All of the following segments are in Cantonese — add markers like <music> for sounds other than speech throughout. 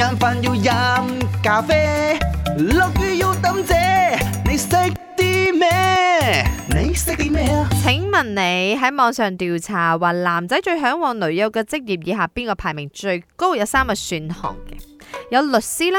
眼飯要飲咖啡，落雨要飲遮，你識啲咩？你識啲咩啊？請問你喺網上調查話男仔最嚮往女友嘅職業以下邊個排名最高？有三個選項嘅，有律師啦。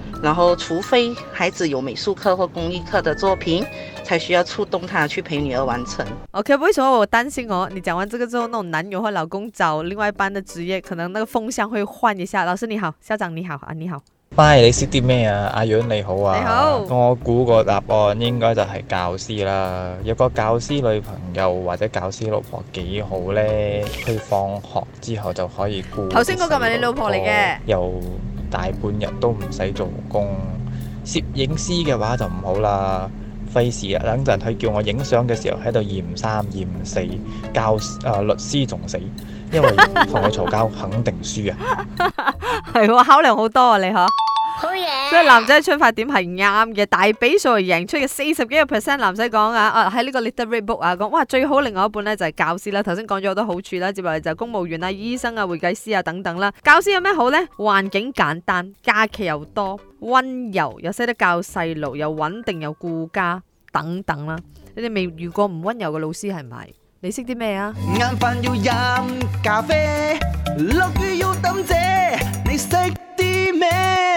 然後，除非孩子有美術課或公益課的作品，才需要觸動他去陪女兒完成。OK，為什麼我擔心哦？你講完這個之後，那種男友或老公找另外一班的職業，可能那個風向會換一下。老師你好，校長你好啊，你好。h 你識啲咩啊？阿楊你好啊。你好。我估個答案應該就係教師啦。有個教師女朋友或者教師老婆幾好呢，佢放學之後就可以顧。頭先嗰個咪你老婆嚟嘅？有。大半日都唔使做工，攝影師嘅話就唔好啦，費事啊！等陣佢叫我影相嘅時候喺度嫌三嫌四，4, 教啊、呃、律師仲死，因為同佢嘈交肯定輸啊！係喎、 <laughs> 啊，考量好多啊你呵、啊。所以男仔嘅出發點係啱嘅，大比數贏，出嘅四十幾個 percent 男仔講啊，喺呢個 Little Red Book 啊講，哇最好另外一半咧就係教師啦，頭先講咗好多好處啦，接落嚟就公務員啊、醫生啊、會計師啊等等啦。教師有咩好呢？環境簡單，假期又多，温柔又識得教細路，又穩定又顧家等等啦。你哋未遇過唔温柔嘅老師係咪？你識啲咩啊？